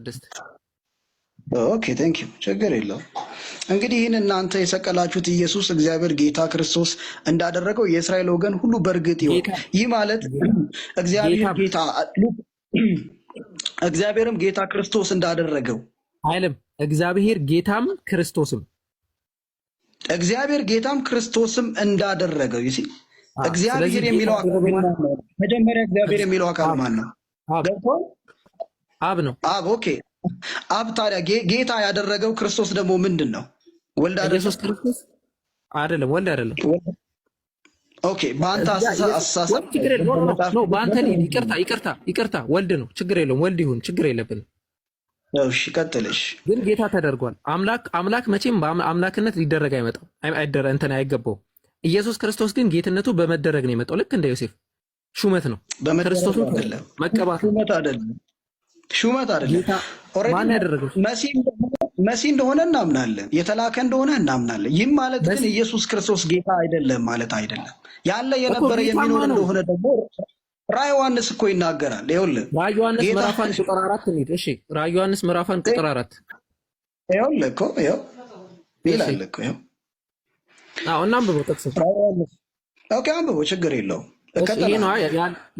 ስድስት ኦኬ ቴንክ ዩ ችግር የለውም። እንግዲህ ይህን እናንተ የሰቀላችሁት ኢየሱስ እግዚአብሔር ጌታ ክርስቶስ እንዳደረገው የእስራኤል ወገን ሁሉ በእርግጥ ይሆን። ይህ ማለት እግዚአብሔር ጌታ እግዚአብሔርም ጌታ ክርስቶስ እንዳደረገው አይልም። እግዚአብሔር ጌታም ክርስቶስም እግዚአብሔር ጌታም ክርስቶስም እንዳደረገው ይ እግዚአብሔር የሚለው አካል መጀመሪያ እግዚአብሔር የሚለው አካል ማን ነው? አብ ነው። አብ ኦኬ። አብ ታዲያ ጌታ ያደረገው ክርስቶስ ደግሞ ምንድን ነው? ወልድ ኢየሱስ ክርስቶስ አይደለም፣ ወልድ አይደለም። ኦኬ፣ በአንተ አስተሳሰብ በአንተ ይቅርታ፣ ይቅርታ፣ ይቅርታ፣ ወልድ ነው። ችግር የለውም፣ ወልድ ይሁን፣ ችግር የለብንም። እሺ፣ ቀጥልሽ። ግን ጌታ ተደርጓል። አምላክ አምላክ መቼም በአምላክነት ሊደረግ አይመጣም፣ አይደረ እንትን አይገባውም። ኢየሱስ ክርስቶስ ግን ጌትነቱ በመደረግ ነው የመጣው። ልክ እንደ ዮሴፍ ሹመት ነው። ክርስቶስ መቀባት ሹመት አይደለም። መሲ እንደሆነ እናምናለን፣ የተላከ እንደሆነ እናምናለን። ይህም ማለት ግን ኢየሱስ ክርስቶስ ጌታ አይደለም ማለት አይደለም። ያለ የነበረ የሚኖር እንደሆነ ደግሞ ራዕይ ዮሐንስ እኮ ይናገራል። ይኸውልህ ራዕይ ዮሐንስ ምዕራፋን ቁጥር አራት እንሂድ። እሺ ራዕይ ዮሐንስ ምዕራፋን ቁጥር አራት ይኸውልህ እኮ ይኸው ይላል እኮ ይኸው። አዎ እናንብበው፣ ጠቅሰው። ኦኬ አንብበው፣ ችግር የለውም ይሄ ነው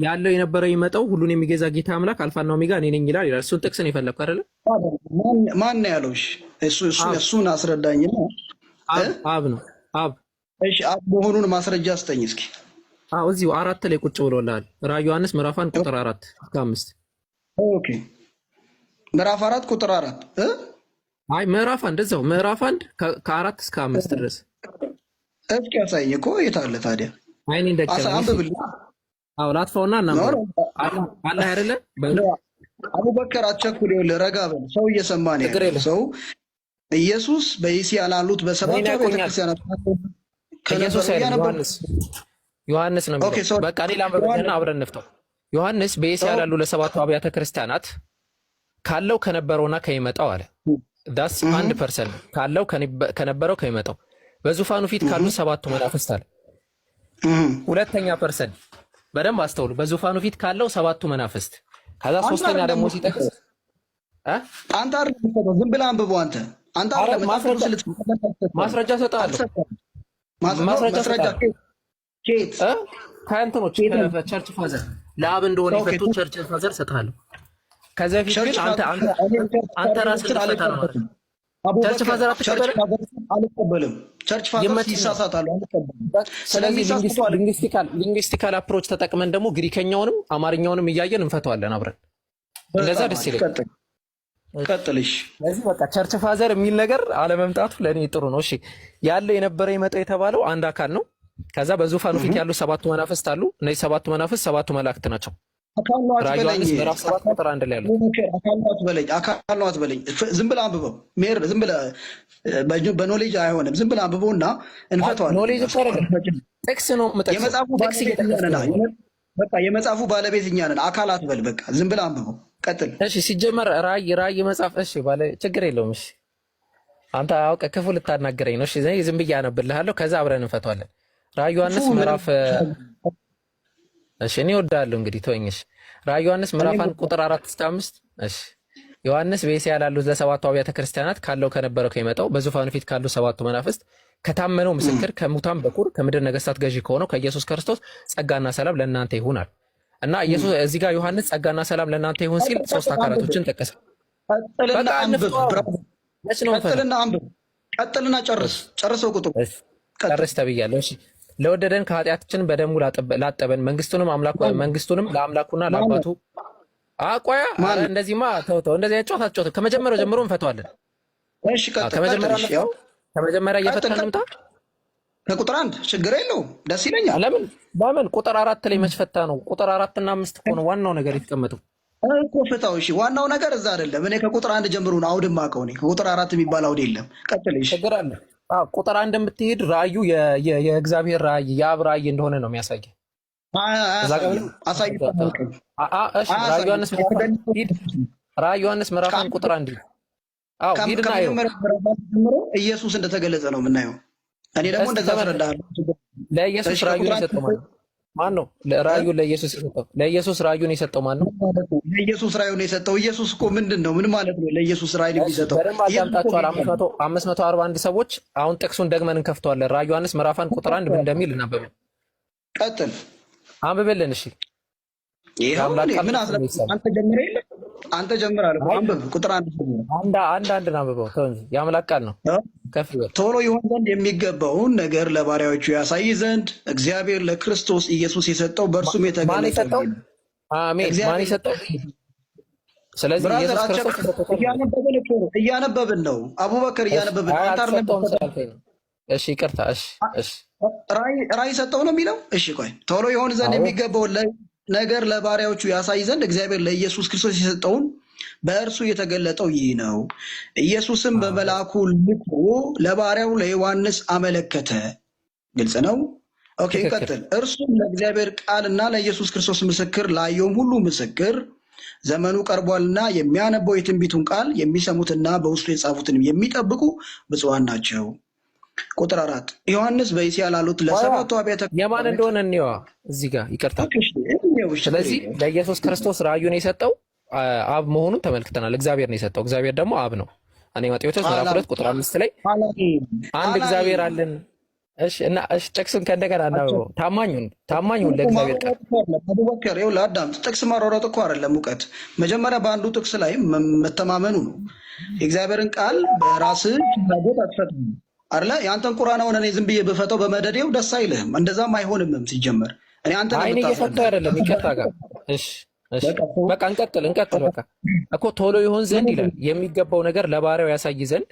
ያለው የነበረው ይመጣው ሁሉን የሚገዛ ጌታ አምላክ አልፋና ኦሜጋ እኔ ነኝ ይላል ይላል። እሱን ጥቅስ ነው የፈለግኩ አይደለ? ማን ነው ያለው? እሱን አስረዳኝ። አብ ነው አብ። እሺ አብ መሆኑን ማስረጃ አስጠኝ እስኪ። እዚሁ አራት ላይ ቁጭ ብሎልሃል። ራዕይ ዮሐንስ ምዕራፍ አንድ ቁጥር አራት እስከ አምስት ኦኬ ምዕራፍ አራት ቁጥር አራት አይ ምዕራፍ አንድ እዛው ምዕራፍ አንድ ከአራት እስከ አምስት ድረስ እስኪ ያሳየ እኮ የት አለ ታዲያ? አይን አይኔ ላጥፋውና አለ አይደለ አቡበከር አቸኩል ይኸውልህ፣ ረጋ በል ሰው እየሰማ ነው። ሰው ኢየሱስ በእስያ ላሉት በሰባቱ ቤተክርስቲያናት ዮሐንስ ነው። በቃ ሌላ አንብበንና አብረን እንፍታው። ዮሐንስ በእስያ ላሉ ለሰባቱ አብያተ ክርስቲያናት ካለው ከነበረውና ከሚመጣው አለ ዳስ አንድ ፐርሰንት ካለው ከነበረው ከሚመጣው በዙፋኑ ፊት ካሉት ሰባቱ መናፍስት አለ ሁለተኛ ፐርሰን በደንብ አስተውሉ። በዙፋኑ ፊት ካለው ሰባቱ መናፍስት ከዛ ሶስተኛ ደግሞ ሲጠቅስ አንተ ዝም ብለህ አንብቦ አንተ አንተ ማስረጃ ሰጣለሁ። ማስረጃ ከእንትኖች ቸርች ፋዘር ለአብ እንደሆነ የፈቱ ቸርች ፋዘር ሰጥሃለሁ። ከዚ ፊት ግን አንተ ራስህ ልትፈታ ነው ቸርች ፋዘር አልቀበልም። ቸርች ፋዘር ይሳሳታሉ፣ አልቀበልም። ሊንግስቲካል አፕሮች ተጠቅመን ደግሞ ግሪከኛውንም አማርኛውንም እያየን እንፈተዋለን አብረን። እንደዛ ደስ ይለኛል። ቀጥልሽ። ስለዚህ በቃ ቸርች ፋዘር የሚል ነገር አለመምጣቱ ለእኔ ጥሩ ነው። እሺ ያለው የነበረ የመጣው የተባለው አንድ አካል ነው። ከዛ በዙፋኑ ፊት ያሉ ሰባቱ መናፍስት አሉ። እነዚህ ሰባቱ መናፍስት ሰባቱ መላእክት ናቸው። አካል አትበለኝ። ዝም ብለህ አንብበው፣ ዝም ብለህ በኖሌጅ አይሆንም። ዝም ብለህ አንብበው እና እንፈተዋለን። የመጽሐፉ ባለቤት እኛ ነን። በቃ ዝም ብለህ አንብበው፣ ቀጥል። እሺ፣ ሲጀመር መጽሐፍ። እሺ፣ ባለ ችግር የለውም። እሺ፣ አንተ ክፉ ልታናገረኝ ነው። እሺ፣ ዝም ብዬ አነብልሃለሁ። ከዛ አብረን ዮሐንስ ምዕራፍ እሺ እኔ ወዳለሁ እንግዲህ ተወኝ። እሺ ዮሐንስ ምዕራፍ አንድ ቁጥር አራት እስከ አምስት እሺ ዮሐንስ በእስያ ላሉት ለሰባቱ አብያተ ክርስቲያናት ካለው ከነበረው ከመጣው በዙፋኑ ፊት ካሉ ሰባቱ መናፍስት ከታመነው ምስክር ከሙታን በኩር ከምድር ነገስታት ገዢ ከሆነው ከኢየሱስ ክርስቶስ ጸጋና ሰላም ለእናንተ ይሁናል እና ኢየሱስ እዚህ ጋር ዮሐንስ ጸጋና ሰላም ለእናንተ ይሁን ሲል ሶስት አካላቶችን ጠቀሰ። ቀጥልና አንብብ፣ ቀጥልና ጨርስ። ጨርሰው ቁጥሩ ጨርስ ተብያለሁ። እሺ ለወደደን ከኃጢአታችን በደሙ ላጠበን መንግስቱንም መንግስቱንም ለአምላኩና ለአባቱ አቋያ እንደዚህማ ተውተው እንደዚህ ጨዋታ ጨዋታ ከመጀመሪያው ጀምሮ እንፈተዋለን። ከመጀመሪያ እየፈተን እንምጣ። ከቁጥር አንድ ችግር የለውም ደስ ይለኛል። ለምን በምን ቁጥር አራት ላይ መስፈታ ነው? ቁጥር አራትና አምስት እኮ ዋናው ነገር የተቀመጠው እኮ ፍታው። እሺ ዋናው ነገር እዛ አይደለም። እኔ ከቁጥር አንድ ጀምሮ ነው አውድማ ከሆነ ከቁጥር አራት የሚባል አውድ የለም። ቀጥል። ችግር አለ ቁጥር አንድ የምትሄድ ራእዩ የእግዚአብሔር ራይ የአብ ራይ እንደሆነ ነው የሚያሳየ ራእይ ዮሐንስ ምዕራፍን ቁጥር አንድ ሂድና ኢየሱስ እንደተገለጸ ነው የምናየው። እኔ ደግሞ እንደዛ አስረዳለሁ ለኢየሱስ ራዩ የሰጠው ማን ነው ራእዩ ለኢየሱስ የሰጠው? ለኢየሱስ ራዩን የሰጠው ማን ነው? ለኢየሱስ ራዩን የሰጠው ኢየሱስ እኮ ምንድን ነው? ምን ማለት ነው? ለኢየሱስ ራእይ የሚሰጠው በደንብ አዳምጣችኋል። አምስት መቶ አርባ አንድ ሰዎች አሁን ጥቅሱን ደግመን እንከፍተዋለን። ራዩ ዮሐንስ ምዕራፍ አንድ ቁጥር አንድ ምን እንደሚል እናንብበን። ቀጥል አንብብልን። እሺ ምን አስለ አንተ ጀምረ የለም አንተ ጀምራል። አንብብ ቁጥር አንድ አንድ አንድ አንድ አንብበው። የአምላክ ቃል ነው። ቶሎ ይሆን ዘንድ የሚገባውን ነገር ለባሪያዎቹ ያሳይ ዘንድ እግዚአብሔር ለክርስቶስ ኢየሱስ የሰጠው በእርሱም የተገለጠው ማን የሰጠው? ስለዚህ ኢየሱስ ክርስቶስ እያነበብን ነው። አቡበከር እያነበብን ነው። አንተ አልነበብን። እሺ ይቅርታ። እሺ እሺ፣ ራእይ ሰጠው ነው የሚለው። እሺ ቆይ ቶሎ ይሆን ዘንድ የሚገባውን ነገር ለባሪያዎቹ ያሳይ ዘንድ እግዚአብሔር ለኢየሱስ ክርስቶስ የሰጠውን በእርሱ የተገለጠው ይህ ነው። ኢየሱስም በመልአኩ ልኮ ለባሪያው ለዮሐንስ አመለከተ። ግልጽ ነው። ኦኬ፣ ይቀጥል። እርሱም ለእግዚአብሔር ቃል እና ለኢየሱስ ክርስቶስ ምስክር፣ ላየውም ሁሉ ምስክር፣ ዘመኑ ቀርቧልና የሚያነበው የትንቢቱን ቃል የሚሰሙትና በውስጡ የጻፉትንም የሚጠብቁ ብፁዓን ናቸው። ቁጥር አራት ዮሐንስ በእስያ ላሉት ለሰባቱ አብያተ የማን እንደሆነ እኒዋ እዚህ ጋር ይቀርታል ስለዚህ ለኢየሱስ ክርስቶስ ራእዩን የሰጠው አብ መሆኑን ተመልክተናል። እግዚአብሔር ነው የሰጠው። እግዚአብሔር ደግሞ አብ ነው። እኔ ማቴዎስ ምዕራፍ ሁለት ቁጥር አምስት ላይ አንድ እግዚአብሔር አለን። እሺ እና እሺ ጥቅስን ከእንደገና እናው ታማኙን ታማኙን ለእግዚአብሔር ቃል መወከር ይው ለአዳም ጥቅስ ማሮረጥ እኮ አይደለም እውቀት። መጀመሪያ በአንዱ ጥቅስ ላይ መተማመኑ ነው። የእግዚአብሔርን ቃል በራስ ፍላጎት አትፈጥ አለ። ያንተን ቁራና ሆነ እኔ ዝም ብዬ ብፈተው በመደዴው ደስ አይልህም። እንደዛም አይሆንምም ሲጀመር እኔ አንተ ነው የምታስፈታው አይደለም ይቅርታ ጋር እሺ በቃ እንቀጥል እንቀጥል በቃ እኮ ቶሎ ይሆን ዘንድ ይላል የሚገባው ነገር ለባሪያው ያሳይ ዘንድ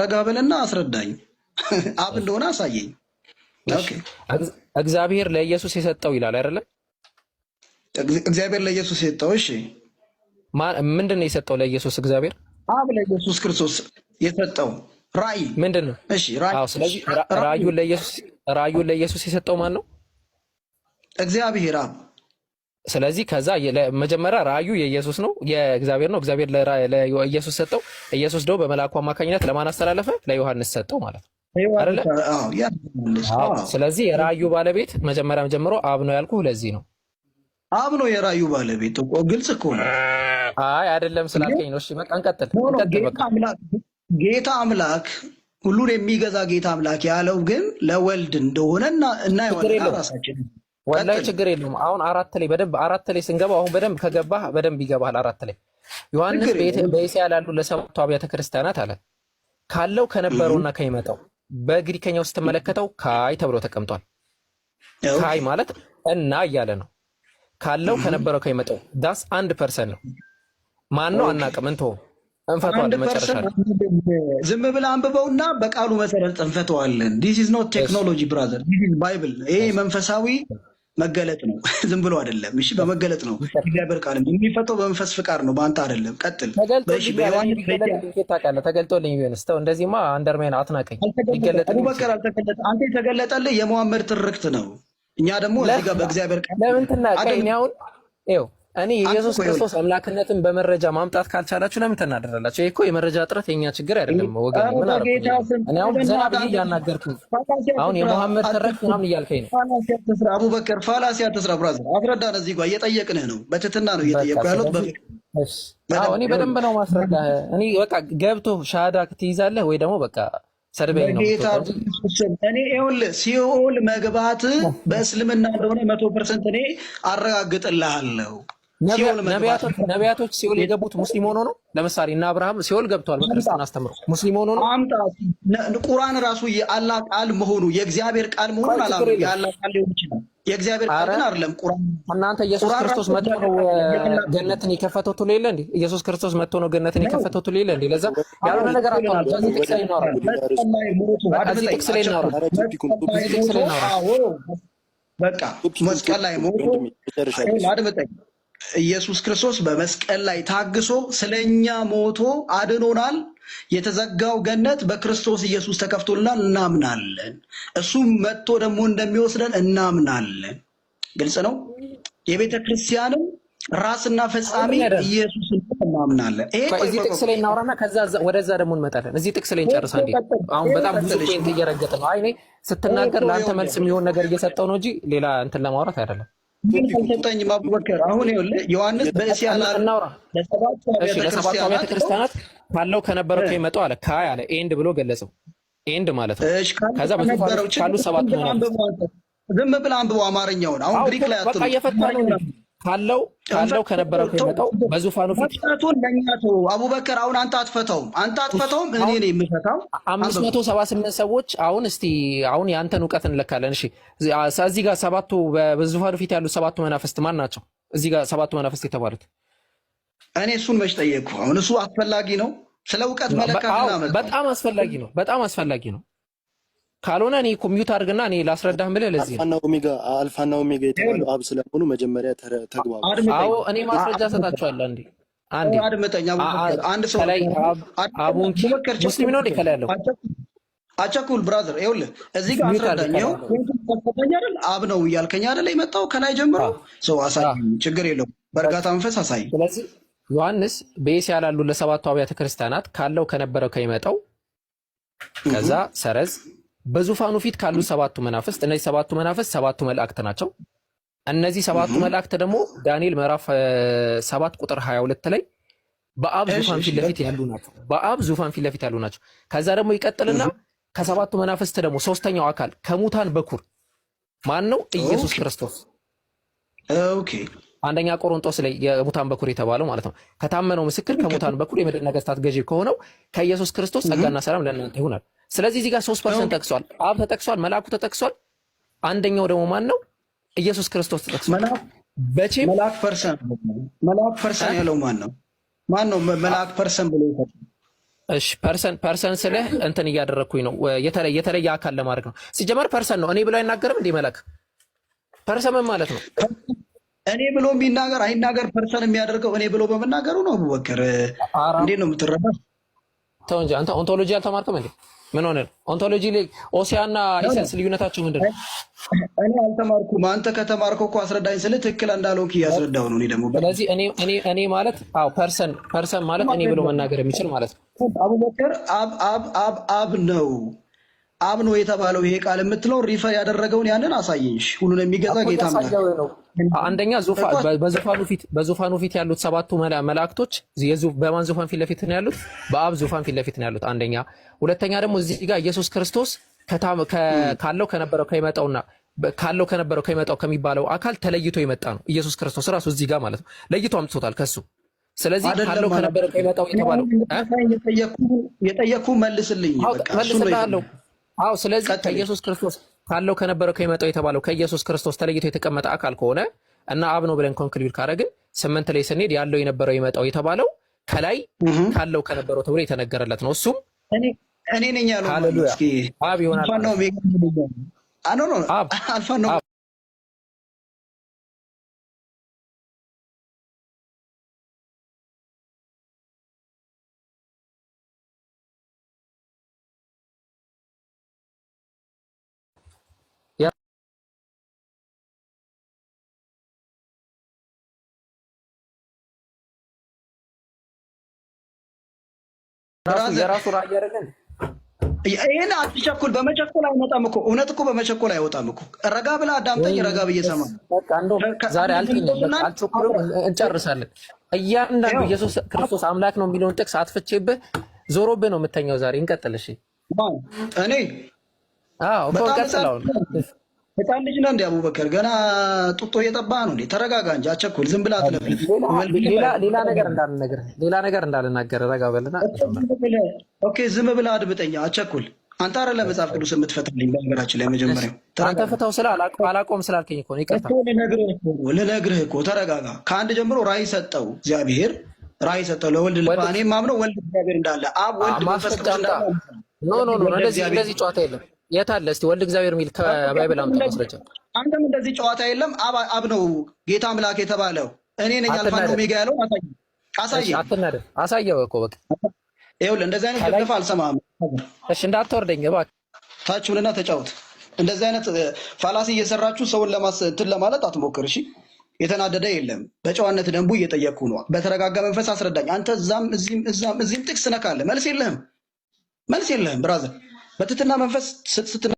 ረጋ በልና አስረዳኝ አብ እንደሆነ አሳየኝ እግዚአብሔር ለኢየሱስ የሰጠው ይላል አይደለም እግዚአብሔር ለኢየሱስ የሰጠው እሺ ምንድን ነው የሰጠው ለኢየሱስ እግዚአብሔር አብ ለኢየሱስ ክርስቶስ የሰጠው ራእይ ምንድን ነው ስለዚህ ራእዩን ለኢየሱስ ራዩን ለኢየሱስ የሰጠው ማን ነው? እግዚአብሔር ስለዚህ ከዛ መጀመሪያ ራዩ የኢየሱስ ነው የእግዚአብሔር ነው። እግዚአብሔር ለኢየሱስ ሰጠው። ኢየሱስ ደግሞ በመልአኩ አማካኝነት ለማን አስተላለፈ? ለዮሐንስ ሰጠው ማለት ነው። ስለዚህ የራዩ ባለቤት መጀመሪያም ጀምሮ አብ ነው ያልኩህ ለዚህ ነው። አብ ነው የራዩ ባለቤት ግልጽ እኮ ነው። አይ አይደለም ስላልከኝ ነው። እሺ በቃ እንቀጥል። ጌታ አምላክ ሁሉን የሚገዛ ጌታ አምላክ ያለው ግን ለወልድ እንደሆነ እናየዋለን። ወላሂ ችግር የለውም። አሁን አራት ላይ በደንብ አራት ላይ ስንገባ አሁን በደንብ ከገባህ በደንብ ይገባል። አራት ላይ ዮሐንስ በእስያ ላሉ ለሰባቱ አብያተ ክርስቲያናት አለ ካለው ከነበረውና ከሚመጣው በግሪከኛው ስትመለከተው ካይ ተብሎ ተቀምጧል። ካይ ማለት እና እያለ ነው። ካለው ከነበረው ከሚመጣው ዳስ አንድ ፐርሰን ነው። ማን ነው አናውቅም። እንፈተዋለን። መጨረሻ ዝም ብለህ አንብበውና በቃሉ መሰረት እንፈተዋለን። ዲስ ኢዝ ኖት ቴክኖሎጂ ብራዘር፣ ባይብል። ይሄ መንፈሳዊ መገለጥ ነው። ዝም ብሎ አይደለም። እሺ፣ በመገለጥ ነው። እግዚአብሔር ቃል የሚፈተው በመንፈስ ፍቃድ ነው፣ በአንተ አይደለም። ቀጥል። ተገልጦልኝ ቢሆንስ? ተው እንደዚህማ አንደርሜን አትናቀኝ። አቡበከር አልተገለጠ፣ አንተ የተገለጠልህ የመሐመድ ትርክት ነው። እኛ ደግሞ እዚህ ጋር በእግዚአብሔር ቃል ለምን ትናቀኝ? አሁን ይኸው እኔ የኢየሱስ ክርስቶስ አምላክነትን በመረጃ ማምጣት ካልቻላችሁ ለምን ተናደራላችሁ? ይሄ እኮ የመረጃ እጥረት የኛ ችግር አይደለም ወገን። ምን አረ እኔ አሁን ዘና ብዬ እያናገርኩ አሁን የመሐመድ ተረክ ምናምን እያልከኝ ነው። አቡበከር ፋላሲ አትስራ። ብራዘር አስረዳን። እዚህ ጓ እየጠየቅንህ ነው፣ በትትና ነው እየጠየቁ ያሉት። እኔ በደንብ ነው ማስረዳ። እኔ በቃ ገብቶ ሻሃዳ ትይዛለህ ወይ ደግሞ በቃ ሰርቤኝ ነው እኔ ይኸውልህ፣ ሲኦል መግባት በእስልምና እንደሆነ መቶ ፐርሰንት እኔ አረጋግጥልሃለሁ። ነቢያቶች ሲኦል የገቡት ሙስሊም ሆኖ ነው? ለምሳሌ እና አብርሃም ሲኦል ገብቷል በክርስትና አስተምሮ ሙስሊም ሆኖ ነው? ቁርአን ራሱ የአላህ ቃል መሆኑ የእግዚአብሔር ቃል መሆኑ አላ የአላህ ቃል ሊሆን ይችላል። የእግዚአብሔር ቃል ግን አይደለም ቁርአን። እናንተ ኢየሱስ ክርስቶስ መጥቶ ነው ገነትን የከፈተው ትሉ የለ እንዴ? ኢየሱስ ክርስቶስ መጥቶ ነው ገነትን የከፈተው ትሉ የለ እንዴ? ለዛ ያልሆነ ነገር አጥቷል። ከዚህ ጥቅስ ላይ እናወራለን። ከዚህ ጥቅስ ላይ እናወራለን። ጥቅስ ላይ እናወራለን። በቃ መስቀል ላይ ሞቶ አድምጠኝ ኢየሱስ ክርስቶስ በመስቀል ላይ ታግሶ ስለኛ ሞቶ አድኖናል። የተዘጋው ገነት በክርስቶስ ኢየሱስ ተከፍቶልናል፣ እናምናለን። እሱም መጥቶ ደግሞ እንደሚወስደን እናምናለን። ግልጽ ነው። የቤተ ክርስቲያንም ራስና ፈጻሚ ኢየሱስ እናምናለን። እዚህ ጥቅስ ላይ እናውራና ከዛ ወደዛ ደግሞ እንመጣለን። እዚህ ጥቅስ ላይ እንጨርሳ። እንዴ አሁን በጣም ብዙ ፖይንት እየረገጥ ነው። አይ እኔ ስትናገር ለአንተ መልስ የሚሆን ነገር እየሰጠው ነው እንጂ ሌላ እንትን ለማውራት አይደለም። ቁጠኝ አቡበከር አሁን ይኸውልህ ዮሐንስ በእስያ ለሰባቱ አብያተ ክርስቲያናት ካለው ከነበረው ከመጣው አለ አለ ኤንድ ብሎ ገለጸው። ኤንድ ማለት ነው። ከዛ ካሉ ዝም ብለህ አንብበው አማርኛውን አሁን ግሪክ ላይ አትበቃ ነው ካለው ካለው ከነበረው ከመጣው በዙፋኑ ፊት ፈቱን ለኛ አቡበከር አሁን አንተ አትፈተውም፣ አንተ አትፈተውም፣ እኔ ነኝ የምፈታው። አምስት መቶ ሰባ ስምንት ሰዎች አሁን እስቲ አሁን የአንተን እውቀት እንለካለን። እሺ እዚህ ጋር ሰባቱ በዙፋኑ ፊት ያሉት ሰባቱ መናፍስት ማን ናቸው? እዚህ ጋር ሰባቱ መናፍስት የተባሉት እኔ እሱን መች ጠየቅኩ። አሁን እሱ አስፈላጊ ነው፣ ስለ እውቀት መለካት በጣም አስፈላጊ ነው፣ በጣም አስፈላጊ ነው። ካልሆነ እኔ ኮሚዩት አድርግና እኔ ላስረዳህ ብለህ ለዚህ አልፋና ኦሜጋ የተባሉ አብ ስለሆኑ መጀመሪያ ተግባባ። እኔ ማስረጃ ሰጣችኋለሁ። እንዴ አንዴ አድምጠኝ። አንድ አቡንኪ ሙስሊም ነው ከላይ ያለው አቻኩል ብራዘር፣ ይኸውልህ እዚህ ጋር አስረዳኝ። አብ ነው እያልከኝ አይደል የመጣው ከላይ ጀምሮ ሰው አሳይ፣ ችግር የለው በእርጋታ መንፈስ አሳይ። ስለዚህ ዮሐንስ በኤስያ ላሉ ለሰባቱ አብያተ ክርስቲያናት ካለው ከነበረው ከሚመጣው ከዛ ሰረዝ በዙፋኑ ፊት ካሉት ሰባቱ መናፍስት እነዚህ ሰባቱ መናፍስት ሰባቱ መላእክት ናቸው። እነዚህ ሰባቱ መላእክት ደግሞ ዳንኤል ምዕራፍ ሰባት ቁጥር 22 ላይ በአብ ዙፋን ፊት ለፊት ያሉ ናቸው። በአብ ዙፋን ፊት ለፊት ያሉ ናቸው። ከዛ ደግሞ ይቀጥልና ከሰባቱ መናፍስት ደግሞ ሶስተኛው አካል ከሙታን በኩር ማን ነው? ኢየሱስ ክርስቶስ። ኦኬ አንደኛ ቆሮንጦስ ላይ የሙታን በኩር የተባለው ማለት ነው። ከታመነው ምስክር ከሙታን በኩር የምድር ነገስታት ገዢ ከሆነው ከኢየሱስ ክርስቶስ ጸጋና ሰላም ለእናንተ ይሆናል። ስለዚህ እዚህ ጋር ሶስት ፐርሰንት ተጠቅሷል። አብ ተጠቅሷል፣ መልአኩ ተጠቅሷል። አንደኛው ደግሞ ማን ነው? ኢየሱስ ክርስቶስ ተጠቅሷል። በቼ መልአክ ፐርሰን መልአክ ፐርሰን ያለው ማን ነው? ማን ነው መልአክ ፐርሰን ብሎ እሺ ፐርሰን ፐርሰን ስልህ እንትን እያደረግኩኝ ነው፣ የተለየ አካል ለማድረግ ነው። ሲጀመር ፐርሰን ነው እኔ ብሎ አይናገርም እንዴ መልአክ ፐርሰን ማለት ነው? እኔ ብሎ የሚናገር አይናገር ፐርሰን የሚያደርገው እኔ ብሎ በመናገሩ ነው። አቡበከር እንዴት ነው የምትረዳ? ተው እንጂ አንተ ኦንቶሎጂ አልተማርክም እንዴ? ምን ሆነ? ኦንቶሎጂ ላይ ኦሲያና ኢሰንስ ልዩነታቸው ምንድን ነው? እኔ አልተማርኩም። አንተ ከተማርከው እኮ አስረዳኝ ስል ትክክል እንዳልሆንክ እያስረዳሁ ነው። እኔ ደግሞ ስለዚህ እኔ ማለት አዎ፣ ፐርሰን ፐርሰን ማለት እኔ ብሎ መናገር የሚችል ማለት ነው። አቡበከር አብ አብ አብ አብ ነው አምኖ የተባለው ይሄ ቃል የምትለው ሪፈር ያደረገውን ያንን አሳየሽ። ሁሉን የሚገዛ ጌታ አንደኛ በዙፋኑ ፊት ያሉት ሰባቱ መላእክቶች በማን ዙፋን ፊት ለፊት ነው ያሉት? በአብ ዙፋን ፊት ለፊት ነው ያሉት። አንደኛ። ሁለተኛ ደግሞ እዚህ ጋር ኢየሱስ ክርስቶስ ካለው ከነበረው ከይመጣውና ካለው ከነበረው ከይመጣው ከሚባለው አካል ተለይቶ የመጣ ነው። ኢየሱስ ክርስቶስ ራሱ እዚህ ጋር ማለት ነው ለይቶ አምጥቶታል ከሱ ስለዚህ ካለው ከነበረው ከይመጣው የተባለው የጠየኩህ መልስልኝ መልስልሃለሁ አዎ። ስለዚህ ከኢየሱስ ክርስቶስ ካለው ከነበረው ከመጣው የተባለው ከኢየሱስ ክርስቶስ ተለይቶ የተቀመጠ አካል ከሆነ እና አብ ነው ብለን ኮንክሉድ ካረግን ስምንት ላይ ስንሄድ ያለው የነበረው የመጣው የተባለው ከላይ ካለው ከነበረው ተብሎ የተነገረለት ነው። እሱም እኔ ነኝ ያለው አብ ይሆናል። አልፋ ነው የራሱ ራእይ አይደለም። ይህን አትቸኩል። በመቸኮል አይመጣም እኮ እውነት እኮ በመቸኮል አይወጣም እኮ። ረጋ ብለህ አዳምጠኝ። ረጋ ብዬ እሰማለሁ። ዛሬ አልጨኩልም፣ እንጨርሳለን። እያንዳንዱ ኢየሱስ ክርስቶስ አምላክ ነው የሚለውን ጥቅስ አትፍቼብህ ዞሮብህ ነው የምተኛው። ዛሬ እንቀጥል። እሺ እኔ ቀጥለውን ህፃን ልጅ ነው እንዲ አቡበከር ገና ጡጦ እየጠባ ነው እንዴ? ተረጋጋ እንጂ አቸኩል። ዝም ብላ አትለፍልፍ። ሌላ ነገር እንዳልነገር ሌላ ነገር እንዳልናገር ረጋ በልና። ኦኬ ዝም ብላ አድምጠኛ አቸኩል። አንተ አረ ለመጽሐፍ ቅዱስ የምትፈታልኝ በነገራችን ላይ መጀመሪያው አንተ ፍታው ስለ አላቆም ስላልከኝ እኮ ይቅርታ ልነግርህ እኮ ተረጋጋ። ከአንድ ጀምሮ ራይ ሰጠው እግዚአብሔር፣ ራይ ሰጠው ለወልድ ልባ። እኔ ማምነው ወልድ እግዚአብሔር እንዳለ አብ ወልድ መንፈስ ቅዱስ እንዳለ ኖ ኖ ኖ፣ እንደዚህ ጨዋታ የለም የት አለ እስቲ? ወልድ እግዚአብሔር የሚል ከባይብል አምጣ ማስረጃ። አንተም እንደዚህ ጨዋታ የለም። አብ ነው ጌታ አምላክ የተባለው እኔ ነኝ ነው ሜጋ ያለው አሳየህ። አትናደድ፣ አሳየው እኮ በቃ ይኸውልህ። እንደዚህ አይነት ድፍድፍ አልሰማም። እሺ እንዳትወርደኝ እባክህ። ታች ሁንና ተጫወት። እንደዚህ አይነት ፋላሲ እየሰራችሁ ሰውን ለማስትን ለማለት አትሞክር። እሺ የተናደደ የለም። በጨዋነት ደንቡ እየጠየቅኩ ነው። በተረጋጋ መንፈስ አስረዳኝ። አንተ እዛም እዚህም እዛም እዚህም ጥቅስ ነካለ። መልስ የለህም፣ መልስ የለህም ብራዘር በትህትና መንፈስ ስትናገር